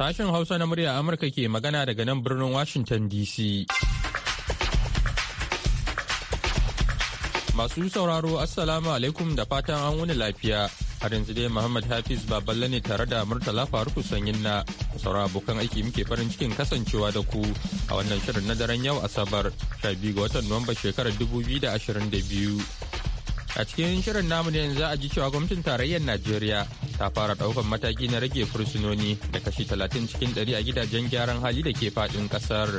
Sashen Hausa na murya Amurka ke magana daga nan birnin Washington DC. Masu sauraro Assalamu alaikum da fatan an wuni lafiya. Har yanzu dai Muhammad Hafiz Baballe ne tare da Murtala Faruku Sanyin na saura abokan aiki muke farin cikin kasancewa da ku a wannan shirin na daren yau Asabar 12 ga watan Nuwamba shekarar 2022. a cikin shirin namu ne za a ji cewa gwamnatin tarayyar najeriya ta fara daukan mataki na rage fursunoni da kashi talatin cikin 100 a gidajen gyaran hali da ke fadin kasar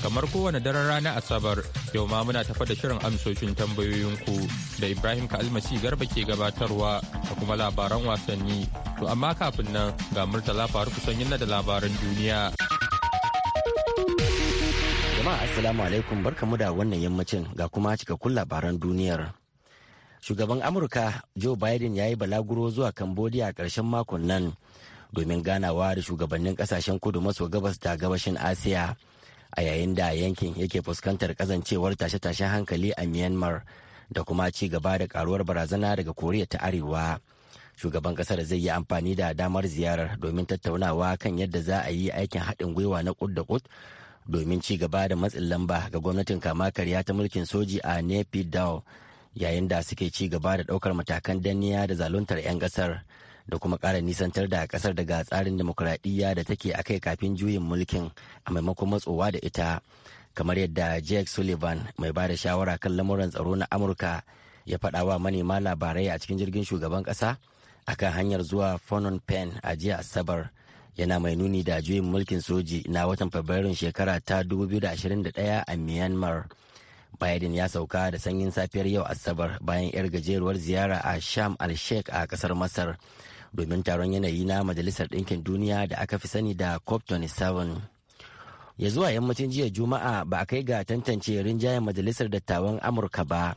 kamar kowane daren rana asabar yau ma muna tafa da shirin amsoshin tambayoyinku da ibrahim kalmasi garba ke gabatarwa da kuma labaran wasanni to amma kafin nan ga murtala faru kusan yin da labaran duniya jama'a assalamu alaikum barkamu da wannan yammacin ga kuma cikakkun labaran duniyar shugaban amurka joe biden ya yi balaguro zuwa cambodia a ƙarshen makon nan domin ganawa da shugabannin ƙasashen kudu maso gabas da gabashin asiya a yayin da yankin yake fuskantar kazancewar tashe-tashen hankali a myanmar da kuma ci gaba da karuwar barazana daga koriya ta arewa shugaban kasar zai yi amfani da damar ziyarar domin tattaunawa kan yadda za a yi aikin haɗin gwiwa na kud da kud domin ci gaba da matsin lamba ga gwamnatin kama karya ta mulkin soji a nepi yayin da suke ci gaba da ɗaukar matakan danniya da zaluntar 'yan ƙasar da kuma ƙara nisantar da ƙasar daga tsarin demokuraɗiyya da take a kai kafin juyin mulkin a maimakon matsowa da ita kamar yadda jake sullivan mai ba da shawara kan lamuran tsaro na amurka ya faɗa wa manema labarai a cikin jirgin shugaban ƙasa akan hanyar zuwa phnom pen a jiya asabar yana mai nuni da juyin mulkin soji na watan fabrairun shekara ta 2021 a myanmar Biden ya sauka da sanyin safiyar yau Asabar bayan 'yar gajeruwar ziyara a Sham al-Sheikh a kasar Masar domin taron yanayi na Majalisar Ɗinkin Duniya da aka fi sani da COP27. Ya zuwa yammacin jiya Juma'a ba a kai ga tantance rinjayen Majalisar Dattawan Amurka ba.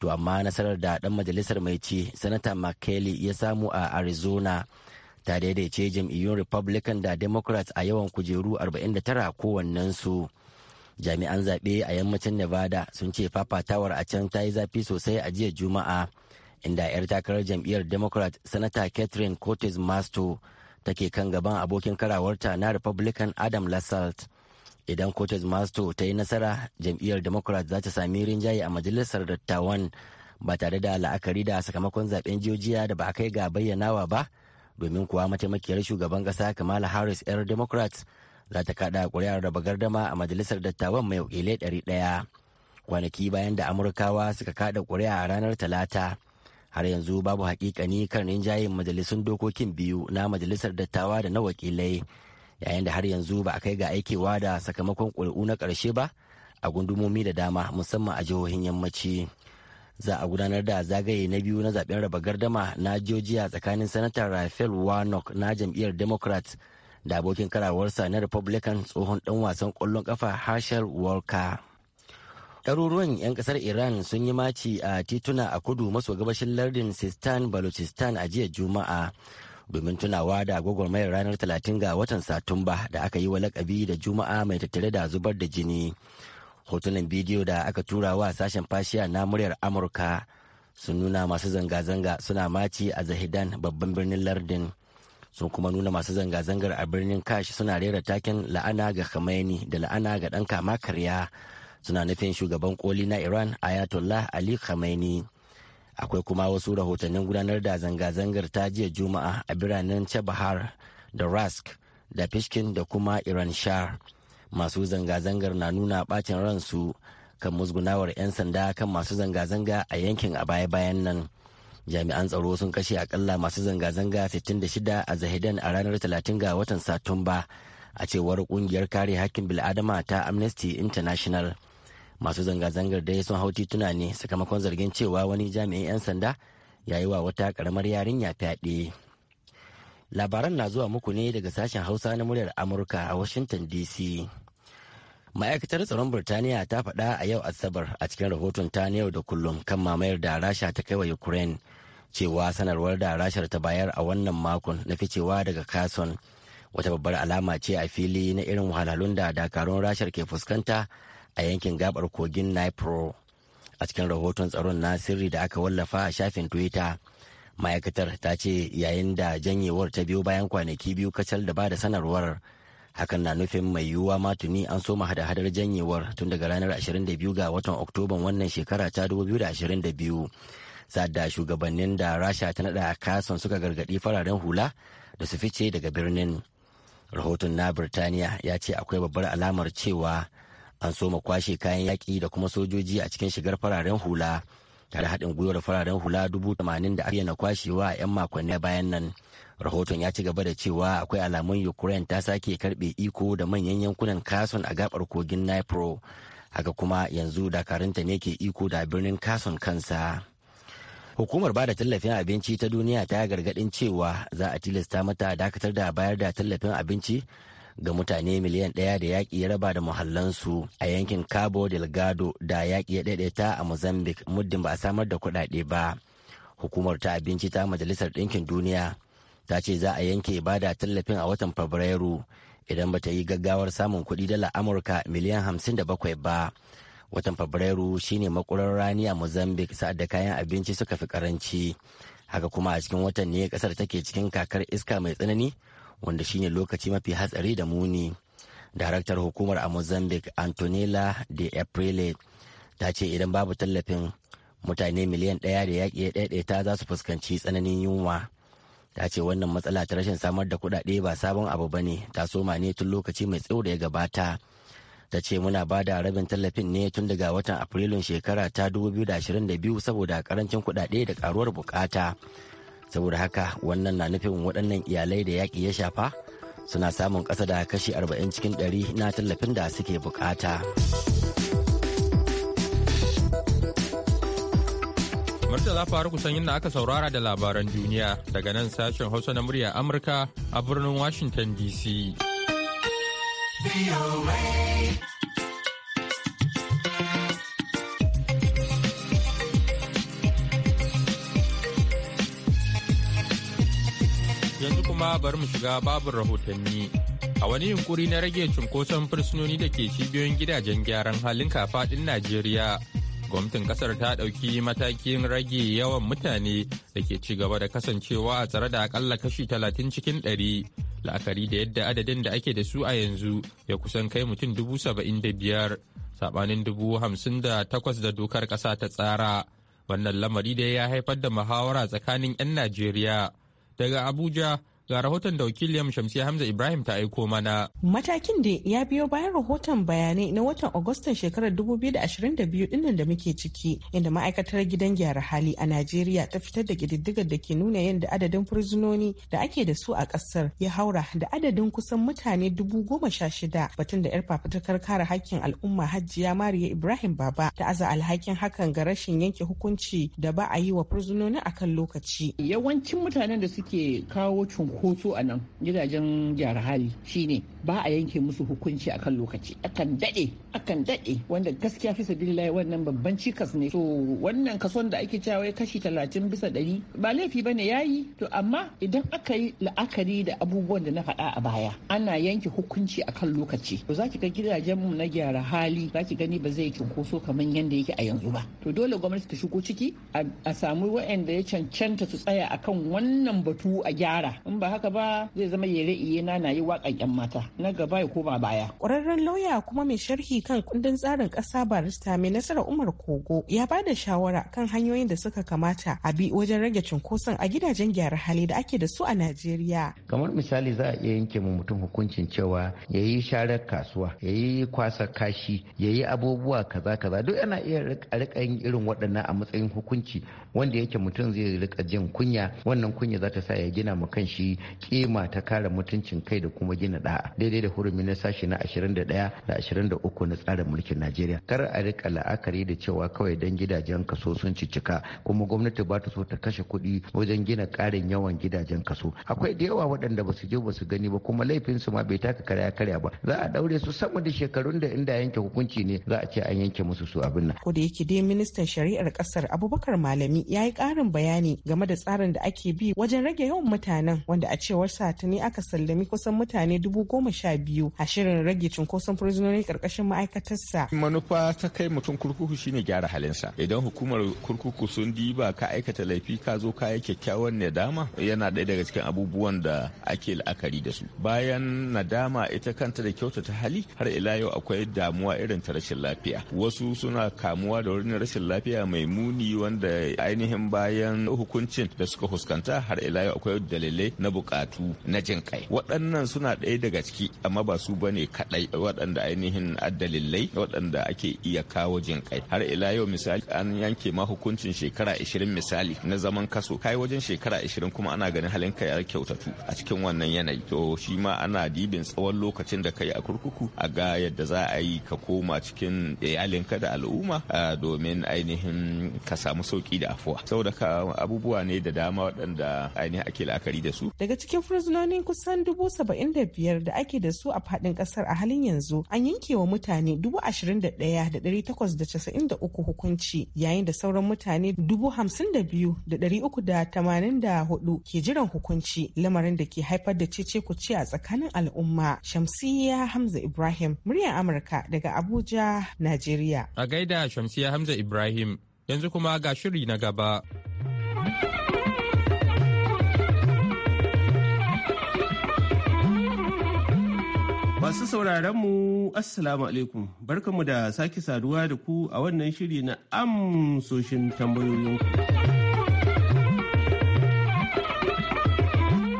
To amma nasarar da ɗan majalisar mai ci, Sanata McKelly ya samu a Arizona ta daidaice jam'iyyun Republican da Democrats a yawan kujeru 49 kowannensu. su. jami'an zaɓe a yammacin nevada sun ce fafatawar a can ta yi zafi sosai a jiya juma'a inda 'yar takarar jam'iyyar democrat sanata catherine cortez masto take kan gaban abokin karawarta na republican adam lasalt idan cortez masto ta yi nasara jam'iyyar democrat za ta sami rinjaye a majalisar dattawan ba tare da la'akari da sakamakon zaben jojiya da ba a kai ga bayyanawa ba domin kuwa mataimakiyar shugaban kasa kamala harris 'yar democrat za ta kada kuri'ar raba gardama a majalisar dattawan mai wakilai ɗari ɗaya kwanaki bayan da amurkawa suka kada kuri'a a ranar talata har yanzu babu hakikani kan rinjayen majalisun dokokin biyu na majalisar dattawa da na wakilai yayin da har yanzu ba a kai ga aikewa da sakamakon ƙuri'u na karshe ba a gundumomi da dama musamman a jihohin yammaci za a gudanar da zagaye na biyu na zaben raba gardama na georgia tsakanin sanatar rafael warnock na jam'iyyar democrat da abokin karawarsa na republican tsohon dan wasan kwallon kafa harshen walker ɗaruruwan 'yan ƙasar iran sun yi maci a tituna a kudu maso gabashin lardin sistan balochistan a jiya juma'a domin tunawa da gwagwarmayar ranar 30 ga watan satumba da aka yi wa lakabi da juma'a mai tattare da zubar da jini hotunan bidiyo da aka tura wa sashen fashiya na muryar amurka sun nuna masu zanga-zanga suna maci a zahidan babban birnin lardin sun kuma nuna masu zanga-zangar a birnin kashi suna rera taken la'ana ga khamenei da la'ana ga ɗan kama karya suna nufin shugaban koli na iran ayatollah ali khamenei akwai kuma wasu rahotannin gudanar da zanga-zangar ta jiya juma'a a biranen chabahar da rask da fishkin da kuma iran shar masu zanga-zangar na nuna bacin ransu kan musgunawar 'yan sanda kan masu zanga-zanga a yankin a baya-bayan nan jami'an tsaro sun kashe akalla masu zanga-zanga 66 a zahidan a ranar 30 ga watan satumba a cewar kungiyar kare hakkin bil'adama ta amnesty international masu zanga-zangar dai sun hau tituna ne sakamakon zargin cewa wani jami'in 'yan sanda ya yi wa wata karamar yarinya fyaɗe labaran na zuwa muku ne daga sashen hausa na muryar amurka a washington dc ma'aikatar tsaron burtaniya ta faɗa a yau asabar a cikin rahoton ta na yau da kullum kan mamayar da rasha ta kai wa ukraine cewa sanarwar da rashar ta bayar a wannan makon na ficewa daga kason wata babbar alama ce a fili na irin wahalhalun da dakarun rashar ke fuskanta a yankin gabar kogin nipro a cikin rahoton tsaron na sirri da aka wallafa a shafin twitter ma'aikatar ta ce yayin da janyewar ta biyo bayan kwanaki biyu kacal da ba da sanarwar hakan na nufin mai yiwuwa ma tuni an soma hada-hadar janyewar tun daga ranar 22 ga watan oktoban wannan shekara ta 2022 sadda shugabannin da rasha ta nada kasan suka gargadi fararen hula da su fice daga birnin rahoton na birtaniya ya ce akwai babbar alamar cewa an soma kwashe kayan yaki da kuma sojoji a cikin shigar fararen hula tare haɗin gwiwar fararen hula dubu da aka na kwashewa a 'yan makonni bayan nan rahoton ya ci gaba da cewa akwai alamun ukraine ta sake karbe iko da manyan yankunan kason a gabar kogin nipro haka kuma yanzu dakarunta ne ke iko da birnin kason kansa hukumar bada tallafin abinci ta duniya ta gargadin cewa za a tilasta mata dakatar da bayar da tallafin abinci ga mutane miliyan ɗaya da yaƙi ya raba da muhallansu a yankin cabo delgado da yaƙi ya ɗaiɗaita a mozambique muddin ba a samar da kuɗaɗe ba hukumar ta abinci ta majalisar ɗinkin duniya ta ce za a yanke bada tallafin a watan fabrairu idan ba ta yi gaggawar samun kuɗi dala amurka miliyan hamsin da bakwai ba watan fabrairu shine makurar rani a mozambique sa'ad da kayan abinci suka fi karanci haka kuma a cikin watan ne kasar take cikin kakar iska mai tsanani wanda shine lokaci mafi hatsari da muni daraktar hukumar a mozambique antonella de aprile ta ce idan babu tallafin mutane miliyan ɗaya da yaƙi ya ɗaiɗaita za su fuskanci tsananin yunwa ta ce wannan matsala ta rashin samar da kuɗaɗe ba sabon abu ba ne ta soma ne tun lokaci mai tsawo da ya gabata ta ce muna ba da rabin tallafin ne tun daga watan afrilun shekara ta 2022 saboda karancin kuɗaɗe da karuwar bukata saboda haka wannan na nufin waɗannan iyalai da yaƙi ya shafa suna samun ƙasa da kashi 40 cikin 100 na tallafin da suke bukata. Murtala faru kusan yadda aka saurara da labaran duniya daga nan sashen Hausa na murya Amurka a birnin Washington DC. Yanzu kuma bari mu shiga babin rahotanni. a wani yunkuri na rage cunkoson fursunoni da ke cibiyoyin gidajen gyaran halin kafaɗin Najeriya. gwamnatin kasar ta ɗauki matakin rage yawan mutane da ke ci gaba da kasancewa a tsare da akalla kashi talatin cikin ɗari la'akari da yadda adadin da ake da su a yanzu ya kusan kai mutum dubu saba'in da biyar saɓanin dubu hamsin da takwas da dokar ƙasa ta tsara wannan lamari da ya haifar da muhawara tsakanin 'yan najeriya daga abuja Ga rahoton da wakiliyar Shamsiya Hamza Ibrahim ta aiko mana. Matakin da ya biyo bayan rahoton bayanai na watan Agustan shekarar 2022 dinnan da muke ciki inda ma'aikatar gidan gyara hali a Najeriya ta fitar da kididdigar da ke nuna yadda adadin fursunoni da ake da su a kasar ya haura da adadin kusan mutane dubu goma sha shida batun da 'yar fafutukar kare hakkin al'umma hajjiya Mariya Ibrahim Baba ta aza alhakin hakan ga rashin yanke hukunci da ba a yi wa fursunoni kan lokaci. Yawancin mutanen da suke kawo cunkoso hutu a nan gidajen gyara hali shine ba a yanke musu hukunci akan lokaci akan dade akan dade wanda gaskiya fi sabilillahi wannan babban cikas ne so wannan kason da ake cewa kashi talatin bisa ɗari ba laifi bane yayi to amma idan aka yi la'akari da abubuwan da na faɗa a baya ana yanke hukunci akan lokaci to za ki ga gidajen mu na gyara hali za ki gani ba zai kinkoso kamar yadda yake a yanzu ba to dole gwamnati ta shigo ciki a samu waɗanda ya cancanta su tsaya akan wannan batu a gyara in ba ba haka ba zai zama yere iye na na yi waƙa ƴan mata na gaba ya koma baya. Ƙwararren lauya kuma mai sharhi kan kundin tsarin ƙasa barista mai nasara Umar Kogo ya ba da shawara kan hanyoyin da suka kamata a bi wajen rage cunkoson a gidajen gyara hali da ake da su a Najeriya. Kamar misali za a iya yanke mu mutum hukuncin cewa ya yi sharar kasuwa, ya yi kwasa kashi, ya yi abubuwa kaza kaza duk ana iya rika yin irin waɗannan a matsayin hukunci wanda yake mutum zai rika jin kunya wannan kunya za ta sa ya gina ma kanshi kima ta kare mutuncin kai da kuma gina da'a daidai da hurumi na sashi na 21 da 23 na tsarin mulkin Najeriya kar a rika la'akari da cewa kawai dan gidajen kaso sun cicika kuma gwamnati ba ta so ta kashe kuɗi wajen gina ƙarin yawan gidajen kaso akwai da yawa waɗanda ba su je ba su gani ba kuma laifinsu su ma bai taka karya karya ba za a daure su sama da shekarun da inda yanke hukunci ne za a ce an yanke musu su abin nan ko da yake dai ministan shari'ar kasar Abubakar Malami ya yi ƙarin bayani game da tsarin da ake bi wajen rage yawan mutanen wanda da a cewar satani aka sallami kusan mutane dubu goma sha biyu a shirin rage cunkoson fursunoni karkashin ma'aikatarsa. manufa ta kai mutum kurkuku shine gyara halinsa idan hukumar kurkuku sun diba ka aikata laifi ka zo ka yi kyakkyawan nadama yana ɗaya daga cikin abubuwan da ake la'akari da su bayan nadama ita kanta da kyautata hali har ila yau akwai damuwa irin ta rashin lafiya wasu suna kamuwa da wurin rashin lafiya mai muni wanda ainihin bayan hukuncin da suka fuskanta har ila yau akwai dalilai na na bukatu na jin kai waɗannan suna ɗaya daga ciki amma ba su bane kaɗai waɗanda ainihin addalillai waɗanda ake iya kawo jin kai har ila yau misali an yanke ma hukuncin shekara 20 misali na zaman kaso kai wajen shekara 20 kuma ana ganin halin ka ya kyautatu a cikin wannan yanayi to shi ma ana dibin tsawon lokacin da kai a kurkuku a ga yadda za a yi ka koma cikin iyalinka da al'umma domin ainihin ka samu sauki da afuwa saboda ka abubuwa ne da dama waɗanda ainihin ake la'akari da su daga cikin fursunonin kusan dubu saba'in da biyar da ake da su a faɗin ƙasar a halin yanzu an yanke wa mutane dubu ashirin da ɗaya da ɗari takwas da casa'in da uku hukunci yayin da sauran mutane dubu hamsin da biyu da ɗari uku da tamanin da hudu ke jiran hukunci lamarin da ke haifar da cece ce a tsakanin al'umma shamsiya hamza ibrahim muryar amurka daga abuja najeriya a gaida shamsiya hamza ibrahim yanzu kuma ga shiri na gaba Masu sauraronmu Assalamu alaikum, barkanmu da sake saduwa da ku a wannan shiri na amsoshin tambayoyinku.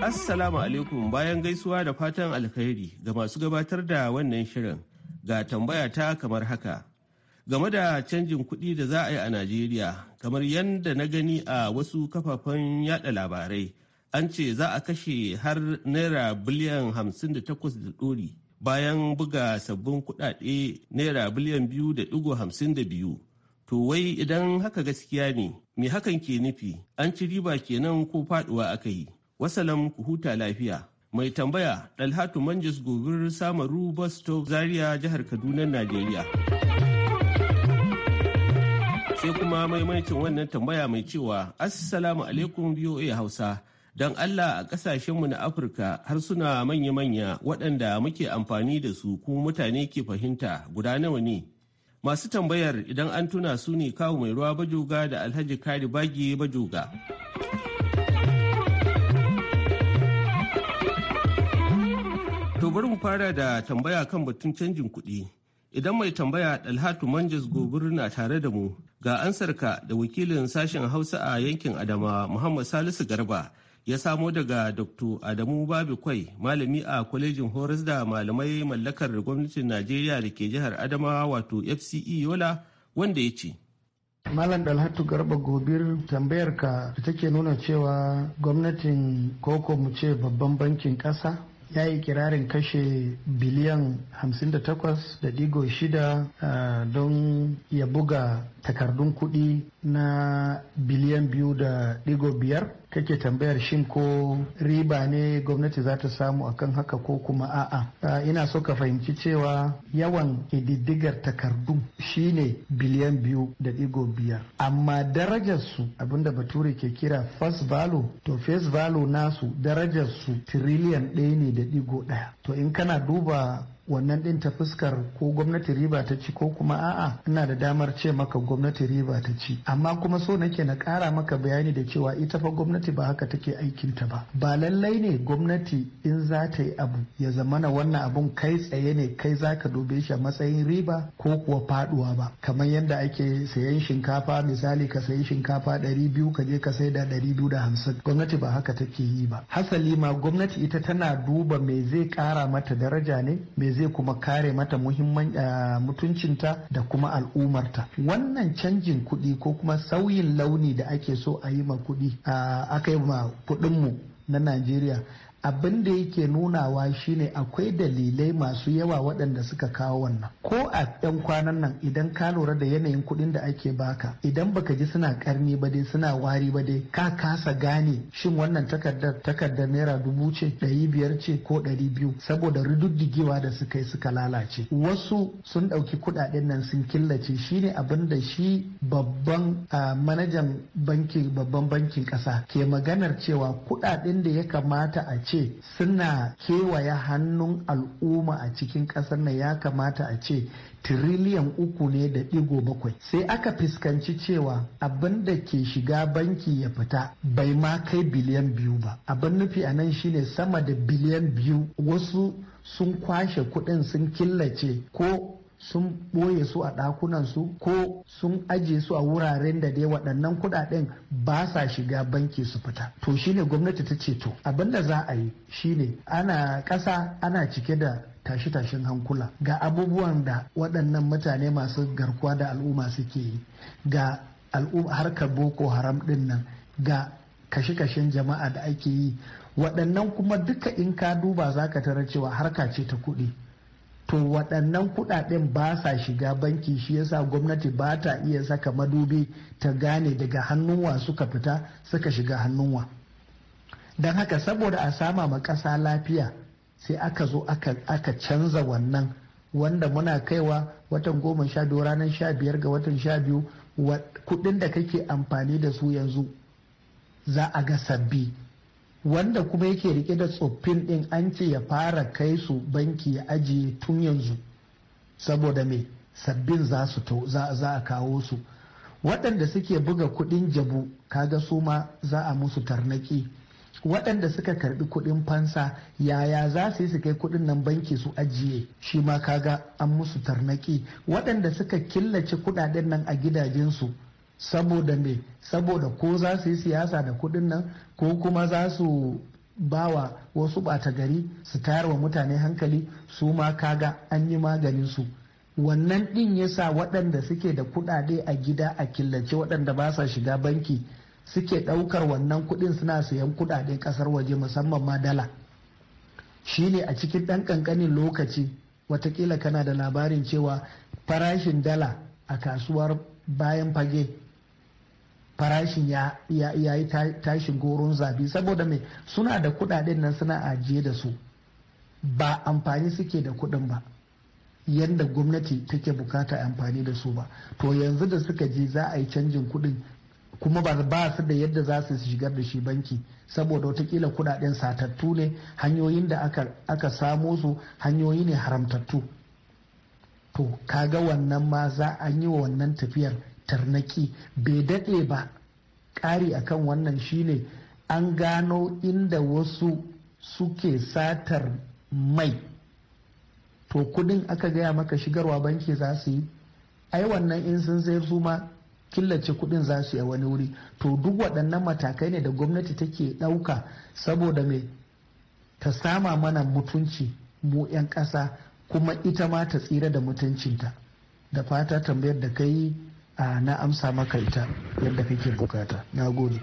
Assalamu alaikum bayan gaisuwa da fatan alkhairi ga masu gabatar da wannan shirin ga tambaya ta kamar haka. Game da canjin kuɗi da za a yi a Najeriya, kamar yadda na gani a wasu kafafen yada labarai, an ce za a kashe har naira biliyan hamsin da takwas da ɗori. bayan buga sabbin kuɗaɗe naira biliyan biyu da ɗigo hamsin da biyu. To wai idan haka gaskiya ne, me hakan ke nufi an ci riba kenan ko faɗuwa aka yi. Wasalam ku huta lafiya. Mai tambaya Dalhatu Manjis Gobir Samaru Basto Zaria jihar Kaduna Najeriya. Sai kuma maimaitin wannan tambaya mai cewa Assalamu alaikum voa Hausa. don Allah a ƙasashenmu na Afirka harsuna manya-manya waɗanda muke amfani da su kuma mutane ke fahimta guda nawa ne. Masu tambayar idan an tuna su ne kawo mai ruwa bajoga da Alhaji Kari Bagi bajoga. To bari mu fara da tambaya kan batun canjin kuɗi. Idan mai tambaya Dalhatu Manjas Gobir na tare da mu ga ansarka da wakilin sashen Hausa a yankin Adama Muhammad Salisu Garba ya samo daga Dr. Adamu Babikwai malami a kwalejin horas da malamai mallakar gwamnatin Najeriya da ke jihar Adamawa wato FCE Yola wanda ya ce. Malam Dalhatu Garba Gobir tambayar ka da take nuna cewa gwamnatin koko mu ce babban bankin ƙasa ya yi kirarin kashe biliyan 58.6 don ya buga takardun kuɗi na biliyan 2.5 kake tambayar shin ko riba ne gwamnati za ta samu akan haka ko kuma a'a ina so ka fahimci cewa yawan ƙididdigar takardu shine biliyan biyu da digo biyar amma darajarsu abinda bature ke kira first value to first value nasu darajarsu tiriliyan ɗaya ne da digo ɗaya to in kana duba wannan din ta fuskar ko gwamnati riba ta ci ko kuma a'a ina da damar ce maka gwamnati riba ta ci amma kuma so nake na kara maka bayani da cewa ita fa gwamnati ba haka take aikin ta ba ba lallai ne gwamnati in za ta yi abu ya zamana wannan abun kai tsaye ne kai za ka dube shi a matsayin riba ko kuwa faduwa ba kamar yadda ake sayan shinkafa misali ka sayi shinkafa ɗari biyu ka je ka sai da ɗari biyu da hamsin gwamnati ba haka take yi ba hasali ma gwamnati ita tana duba me zai kara mata daraja ne me zai kuma kare mata muhimman eh, mutuncinta da kuma al'umarta wannan canjin kuɗi ko kuma sauyin launi da ake so a yi ma kuɗi aka yi ma kuɗinmu na najeriya abin da yake nunawa shine akwai dalilai masu yawa waɗanda suka kawo wannan ko a 'yan kwanan nan idan ka lura da yanayin kuɗin da ake baka idan baka ji suna karni ba dai suna wari ba dai ka kasa gane shin wannan takardar takardar naira dubu ce ɗari biyar ce ko ɗari biyu saboda rududdigewa da suka yi suka lalace wasu sun ɗauki kuɗaɗen nan sun killace shine abin da shi babban manajan bankin babban bankin ƙasa ke maganar cewa kuɗaɗen da ya kamata a ce ce suna kewaye hannun al'umma a cikin ƙasar nan ya kamata a ce tiriliyan uku ne da ɗigo bakwai sai aka fuskanci cewa abin da ke shiga banki ya fita bai ma kai biliyan biyu ba abin nufi a nan shine sama da biliyan biyu wasu sun kwashe kuɗin sun killace ko sun ɓoye su a ɗakunansu ko sun aje su a wuraren da dai waɗannan kuɗaɗen ba sa shiga banki su fita to shine gwamnati ta ce to abin da za a yi shine ana ƙasa ana cike da tashe-tashen hankula ga abubuwan da waɗannan mutane masu garkuwa da al'umma suke yi ga harkar boko haram ɗin nan ga kashe-kashen jama'a da ake yi waɗannan kuma duka in ka duba za ka tarar cewa harka ce ta kuɗi to waɗannan kuɗaɗen ba sa shiga banki shi yasa gwamnati ba ta iya saka madubi ta gane daga hannunwa suka fita suka shiga hannunwa don haka saboda a sama ma ƙasa lafiya sai aka zo aka canza wannan wanda muna kaiwa watan goma sha biyu ranar sha biyar ga watan sha biyu kuɗin da kake amfani da su yanzu za a ga sabbi wanda kuma yake rike da tsoffin din an ce ya fara kai su banki ya ajiye tun yanzu saboda me sabbin za za a kawo su waɗanda suke buga kuɗin jabu kaga su ma za a musu tarnaki waɗanda suka karbi kuɗin fansa yaya za su yi su kai kuɗin nan banki su ajiye shi ma kaga an musu tarnaki waɗanda suka killace kuɗaɗen nan a gidajensu saboda me saboda ko za su yi siyasa da kuɗin nan ko kuma za su bawa wasu ɓata gari su tayar wa mutane hankali su ma kaga an yi maganin su wannan din ya sa waɗanda suke da kuɗaɗe a gida a killace waɗanda ba sa shiga banki suke ɗaukar wannan kuɗin suna sayan kuɗaɗe ƙasar waje musamman ma dala Shi ne a cikin ɗan ƙanƙanin lokaci watakila kana da labarin cewa farashin dala a kasuwar bayan fage farashin ya yi tashin goron zabi saboda mai suna da kudaden nan suna ajiye da su ba amfani suke da kudin ba yadda gwamnati take bukata amfani da su ba to yanzu da suka je za a yi canjin kudin kuma ba ba su da yadda za su shigar da shi banki saboda watakila kudaden satattu ne hanyoyin da aka, aka samo su hanyoyi ne haramtattu to kaga wannan ma za a yi wa wannan tafiyar tarnaki bai daɗe ba ƙari akan wannan shine an gano inda wasu suke satar mai to kudin aka gaya maka shigarwa banki za su yi ai wannan in sun zai zuma killace kudin za su yi a wani wuri to duk waɗannan matakai ne da gwamnati take ɗauka saboda mai ta sama mana mutunci mu 'yan ƙasa kuma ita ma ta tsira da mutuncinta da fata tambayar da ka yi na amsa maka ita yadda kake bukata na gode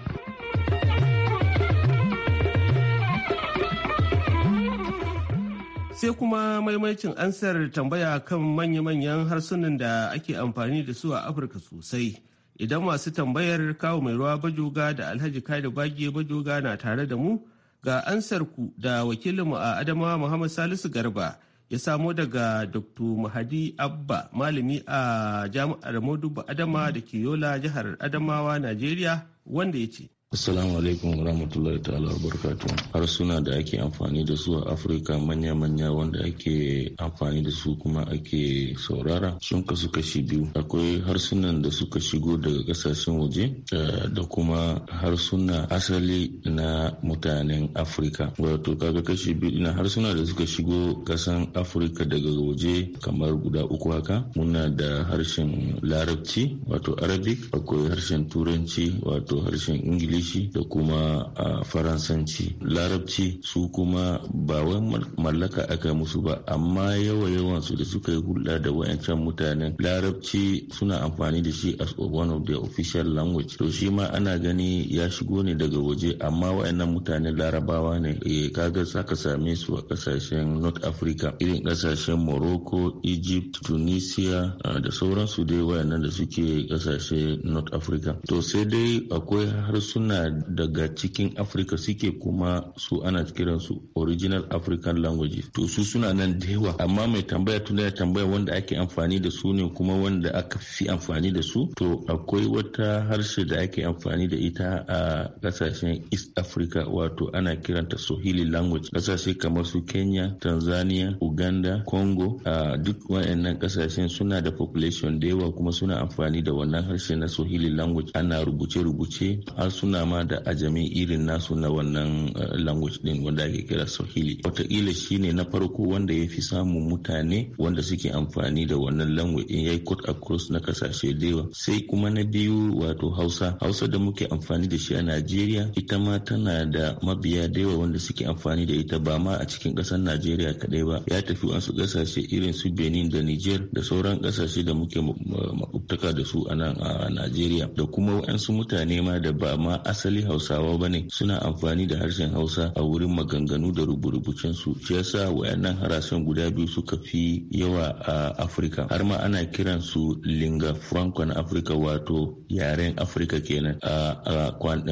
sai kuma maimaicin ansar tambaya kan manya-manyan harsunan da ake amfani da su a afirka sosai idan masu tambayar kawo mai ruwa bajoga da alhaji kada bage bajoga na tare da mu ga ansar ku da wakilinmu a adamawa muhammad salisu garba ya samo daga dr mahadi abba malami a jami'ar modubu adama da ke yola jihar adamawa najeriya wanda ya ce Assalamu alaikum wa rahmatullahi ta'ala wa barakatu. Harsuna da ake amfani da su a Afirka manya-manya wanda ake amfani da su kuma ake saurara sun kasu kashi biyu. Akwai harsunan da suka shigo daga kasashen waje eh, da kuma harsuna asali na mutanen Afirka. Wato kaga kashi biyu ina harsuna da suka shigo kasan Afirka daga waje kamar guda uku haka. Muna da harshen Larabci wato Arabic, akwai harshen Turanci wato harshen Ingilishi ingilishi da kuma a faransanci larabci su kuma ba wai mallaka aka musu ba amma yawa yawan su da suka yi hulɗa da wayancan mutanen larabci suna amfani da shi as one of the official language to shi ma ana gani ya shigo ne daga waje amma wayannan mutanen larabawa ne eh, kaga saka same su a kasashen north africa irin kasashen morocco egypt tunisia da sauransu dai wayannan da suke kasashe north africa to sai dai akwai harsunan suna daga cikin afirka suke kuma su ana kiransu original african languages to su suna nan da yawa amma mai tambaya tun ya tambaya wanda ake amfani da su ne kuma wanda aka fi amfani da su to akwai wata harshe da ake amfani da ita a kasashen east africa wato ana kiranta swahili language kasashe kamar su kenya tanzania uganda congo a duk wayannan kasashen suna da population da yawa kuma suna amfani da wannan harshe na swahili language ana rubuce-rubuce har suna suna ma da ajami irin nasu na wannan eh, language din wanda ake kira Swahili. Wataƙila shi ne na farko wanda ya fi samun mutane wanda suke amfani da wannan language din ya yi cut across na kasashe da yawa. Sai kuma na biyu wato Hausa. Hausa da muke amfani da shi a Najeriya ita ma tana da mabiya da yawa wanda suke amfani da ita ba ma a cikin ƙasar Najeriya kaɗai ba. Ya tafi wasu ƙasashe irin su Benin da Niger da sauran ƙasashe da muke eh, makwabtaka da su a nan a Najeriya da kuma wa'ansu mutane ma da ba ma asali hausawa ba ne suna amfani da harshen hausa a wurin maganganu da rubuce su shi yasa wayannan harashen guda biyu suka fi yawa a afirka har ma ana kiran su linga franco na afirka wato yaren afirka kenan a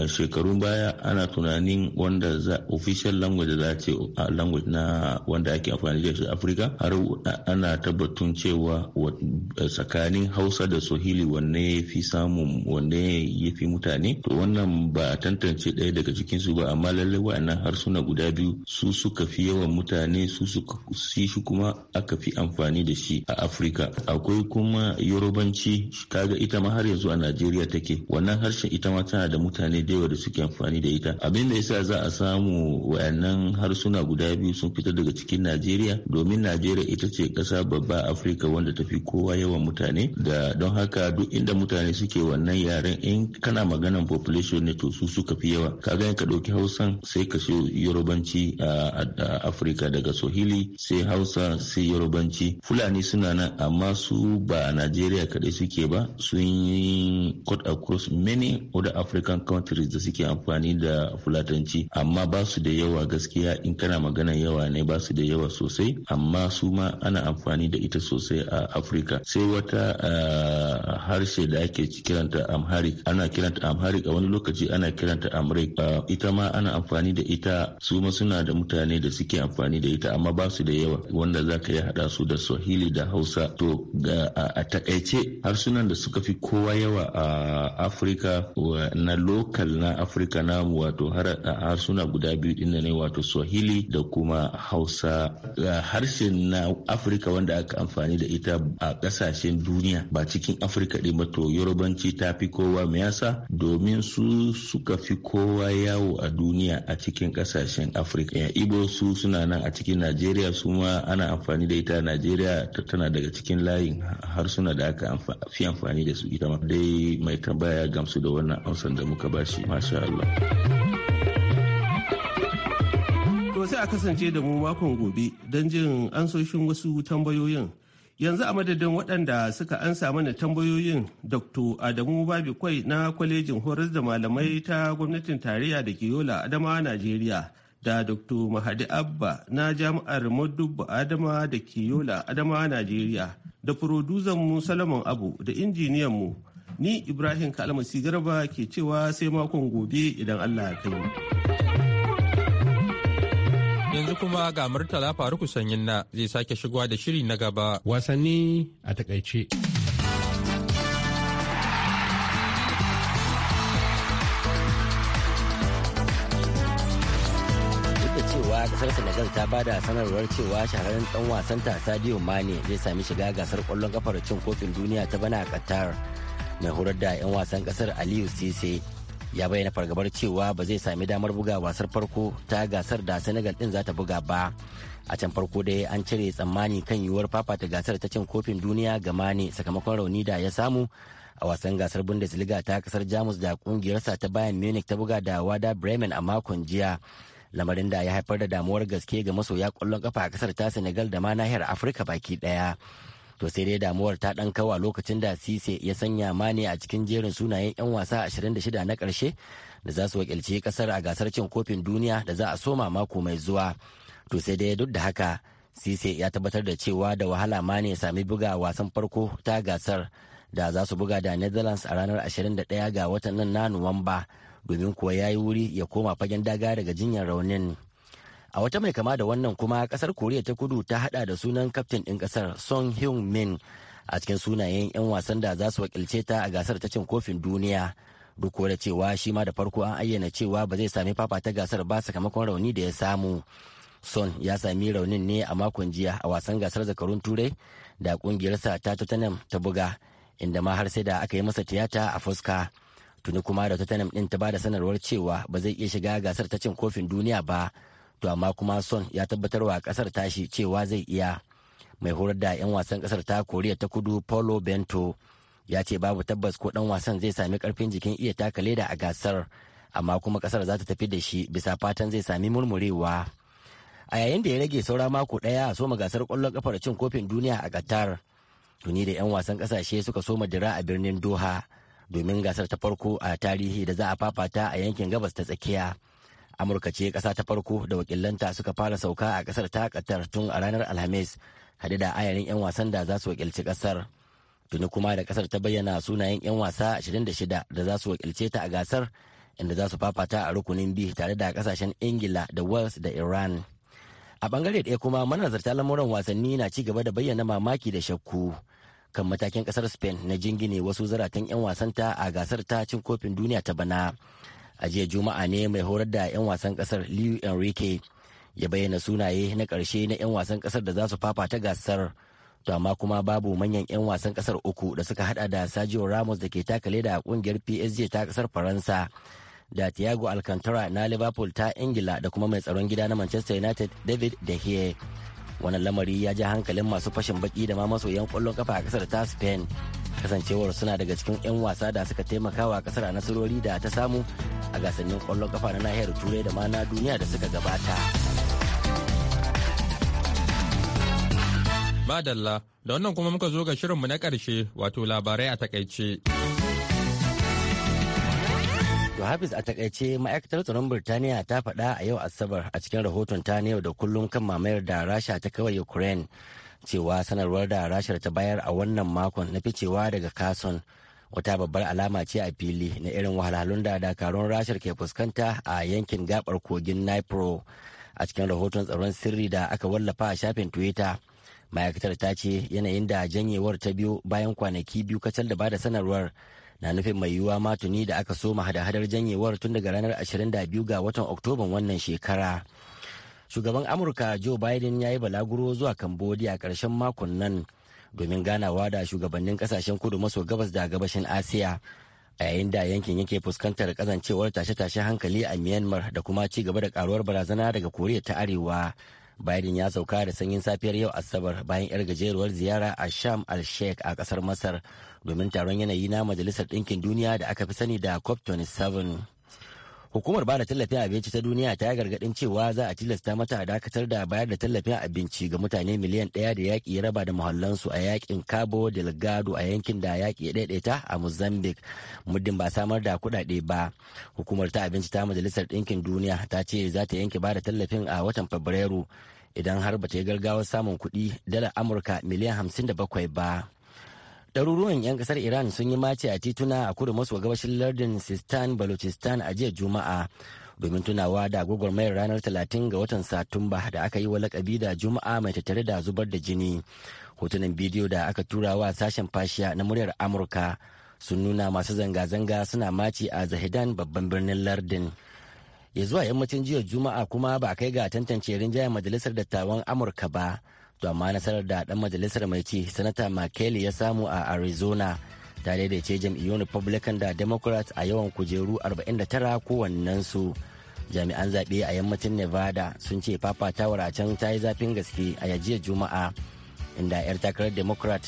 shekarun baya ana tunanin wanda za official language za ce language na wanda ake amfani da shi afirka har ana tabbatun cewa tsakanin hausa da swahili wanne ya fi samun wanne ya fi mutane to wannan ba a tantance ɗaya daga cikinsu ba amma lallai wa'annan harsuna guda biyu su suka fi yawan mutane su suka shi kuma aka fi amfani da shi a afirka akwai kuma yorubanci kaga ita ma har yanzu a najeriya take wannan harshen ita ma tana da mutane da yawa da suke amfani da ita abin da yasa za a samu wa'annan harsuna guda biyu sun fita daga cikin najeriya domin najeriya ita ce ƙasa babba afirka wanda ta fi kowa yawan mutane da don haka duk inda mutane suke wannan yaren in kana maganan population ne to su suka fi yawa kaga ka ɗauki hausan sai ka so yorubanci a afirka daga sohili sai hausa sai yorubanci fulani suna nan amma su ba a nigeria kaɗai suke ba sun yi cut across many other african countries da suke amfani da fulatanci amma ba su da yawa gaskiya in kana magana yawa ne ba su da yawa sosai amma su ma ana amfani da ita sosai a afirka sai wata harshe da ake kiranta amharic ana kiranta amharic a wani lokaci ana kiranta amurka ita ma ana amfani da ita su ma suna da mutane da suke amfani da ita amma ba su da yawa wanda za ka yi hada su da swahili da hausa to a takaice harsunan da suka fi kowa yawa a afirka na lokal na afirka namu wato harsuna guda biyu ɗin ne wato swahili da kuma hausa harshen na afirka wanda aka amfani da ita a kasashen duniya ba cikin afirka ɗin ba to yorubanci ta fi kowa me yasa domin su suka fi kowa yawo a duniya a cikin kasashen afirka ibo su suna nan a cikin najeriya su ma ana amfani da ita najeriya tana daga cikin layin harsuna da aka fi amfani da su ita ma dai mai tambaya ya gamsu da wannan amsan da muka bashi masha Allah. To sai a kasance da mu makon gobe don jin ansoshin wasu tambayoyin yanzu a madadin waɗanda suka ansa mana tambayoyin dr adamu Babikwai na kwalejin horas da malamai ta gwamnatin tarayya da ke yola adama najeriya da dr mahadi abba na jami'ar madubba adama da ke yola adama najeriya da mu Musalman abu da injiniyan mu ni ibrahim kalmasi garba ke cewa sai makon gobe idan allah ya kai Yanzu kuma ga Murtala Faruku Sanyin na zai sake shigowa da shiri na gaba. Wasanni a takaice. kasar senegal ta ba da sanarwar cewa shahararren dan wasan ta sadio mane zai sami shiga gasar kwallon kafar cin kofin duniya ta bana a qatar mai horar da 'yan wasan kasar aliyu sise ya bayyana fargabar cewa ba zai sami damar buga wasar farko ta gasar da senegal din za ta buga ba a can farko dai an cire tsammani kan yiwuwar fafata gasar ta cin kofin duniya ga mane sakamakon rauni da ya samu a wasan gasar bundesliga ta kasar jamus da kungiyarsa ta bayan munich ta buga da wada bremen a makon jiya lamarin da ya haifar da damuwar gaske ga masoya kwallon kafa a kasar ta senegal da ma nahiyar afirka baki daya to sai dai damuwar ta dan kawa lokacin da sise ya sanya mani a cikin jerin sunayen 'yan wasa 26 na karshe da za su wakilci kasar a gasar cin kofin duniya da za a soma mako mai zuwa to sai dai duk da haka sise ya tabbatar da cewa da wahala mani ya sami buga wasan farko ta gasar da za su buga da netherlands a ranar 21 ga watan nan na nuwamba domin kuwa ya yi wuri ya koma fagen daga daga jinyar raunin a wata mai kama da wannan kuma kasar koriya ta kudu ta hada da sunan kaftin ɗin kasar son hyun min a cikin sunayen 'yan wasan da za su wakilce ta a gasar ta cin kofin duniya duk da cewa shi ma da farko an ayyana cewa ba zai sami fafa ta gasar ba sakamakon rauni da ya samu son ya sami raunin ne a makon jiya a wasan gasar zakarun turai da kungiyarsa ta tottenham ta buga inda ma har sai da aka yi masa tiyata a fuska tuni kuma da tottenham din ta ba da sanarwar cewa ba zai iya shiga gasar ta cin kofin duniya ba to amma kuma son ya tabbatarwa kasar tashi cewa zai iya mai horar da 'yan wasan kasar ta koriya ta kudu paulo bento ya ce babu tabbas ko dan wasan zai sami karfin jikin iya taka leda a gasar amma kuma kasar za ta tafi da shi bisa fatan zai sami murmurewa a yayin da ya rage saura mako daya a soma gasar kwallon kafar cin kofin duniya a qatar tuni da 'yan wasan kasashe suka soma dira a birnin doha domin gasar ta farko a tarihi da za a fafata a yankin gabas ta tsakiya. amurka ce kasa ta farko da wakilanta suka fara sauka a kasar ta katar tun a ranar alhamis hade da ayarin 'yan wasan da za su wakilci kasar tuni kuma da kasar ta bayyana sunayen 'yan wasa 26 da za su wakilce ta a gasar inda za su fafata a rukunin bi tare da kasashen ingila da wales da iran a bangare ɗaya kuma manazarta lamuran wasanni na ci gaba da bayyana mamaki da shakku kan matakin ƙasar spain na jingine wasu zaratan 'yan wasanta a gasar ta cin kofin duniya ta bana a jiya juma'a ne mai horar da 'yan wasan kasar liu enrique ya bayyana sunaye na karshe na 'yan wasan kasar da za su fafata gasar to amma kuma babu manyan 'yan wasan kasar uku da suka hada da Sergio Ramos da ke takaleda da a kungiyar PSG ta kasar Faransa da Thiago Alcantara na Liverpool ta Ingila da kuma mai tsaron gida na Manchester United David De Gea. Wannan lamari ya ja hankalin masu fashin baki da ma masoyan kwallon kafa a kasar ta Spain. Kasancewar suna daga cikin 'yan wasa da suka taimakawa kasar a nasarori da ta samu a gasannin kwallon kafa na nahiyar turai da ma na duniya da suka gabata madalla da wannan kuma muka zo ga shirinmu na karshe wato labarai a takaice Hafiz a takaice ma'aikatar tsaron Birtaniya ta faɗa a yau Asabar a cikin rahoton ta na yau da kullum kan mamayar da Rasha ta kawai Ukraine cewa sanarwar da Rashar ta bayar a wannan makon na ficewa daga Kason wata babbar alama ce a fili na irin wahalhalun da dakarun rashar ke fuskanta a yankin gabar kogin nipro a cikin rahoton tsaron sirri da aka wallafa a shafin twitter ma'aikatar ta ce yanayin da janyewar ta biyu bayan kwanaki biyu kacal da bada sanarwar na nufin mai yiwuwa matuni da aka soma hada-hadar janyewar tun daga ranar 22 ga watan oktoban wannan shekara shugaban amurka joe biden ya yi balaguro zuwa cambodia karshen makon nan domin ganawa da shugabannin kasashen kudu maso gabas da gabashin asiya a yayin da yankin yake fuskantar kazancewar tashe-tashe hankali a myanmar da kuma ci gaba da karuwar barazana daga koriya ta arewa biden ya sauka da sanyin safiyar yau asabar bayan yar gajeruwar ziyara a sham al sheikh a kasar masar domin taron yanayi na majalisar ɗinkin duniya da aka fi sani da cop 27 Hukumar bada tallafin abinci ta duniya ta yi gargadin cewa za a tilasta mata a dakatar da bayar da tallafin abinci ga mutane miliyan ɗaya da yaƙi ya raba da muhallansu a yaƙin Cabo Delgado a yankin da yaƙi ya ɗaiɗaita a Mozambique muddin ba samar da kuɗaɗe ba. Hukumar ta abinci ta Majalisar Ɗinkin Duniya ta ce za ta yanke bada tallafin a watan Fabrairu idan har ba ta yi gargawar samun kuɗi dala Amurka miliyan hamsin da bakwai ba. Ɗaruruwan 'yan ƙasar Iran sun yi mace a tituna a kudu maso gabashin lardin Sistan Balochistan a jiya Juma'a domin tunawa da gwagwarmayar ranar 30 ga watan Satumba da aka yi wa lakabi da Juma'a mai tattare da zubar da jini. Hotunan bidiyo da aka tura wa sashen fashiya na muryar Amurka sun nuna masu zanga-zanga suna maci a Zahidan babban birnin lardin. Ya zuwa yammacin jiya Juma'a kuma ba kai ga tantance rinjayen majalisar dattawan Amurka ba. to amma nasarar da dan majalisar mai ci sanata mckelly ya samu a arizona ta daidaice jam'iyyun republican da democrat a yawan kujeru 49 kowannensu jami'an zaɓe a yammacin nevada sun ce fafatawar a can ta yi zafin gaske a yajiyar juma'a inda 'yar takarar democrat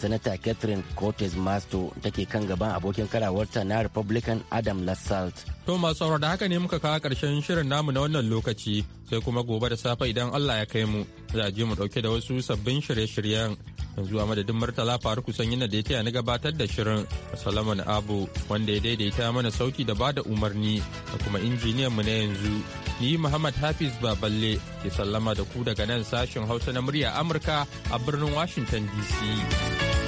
sanata catherine cortez masto take kan gaban abokin karawarta na republican adam lassalt to masu sauraro da haka ne muka kawo karshen shirin namu na wannan lokaci sai kuma gobe da safe idan allah ya kai mu za a je mu dauke da wasu sabbin shirye-shiryen yanzu a madadin Murtala Faruku Sanyina da ya taya na gabatar da shirin Salaman Abu wanda ya daidaita mana sauki da bada umarni da kuma injiniyan mu na yanzu ni Muhammad Hafiz Baballe ke sallama da ku daga nan sashen Hausa na murya Amurka a birnin Washington DC.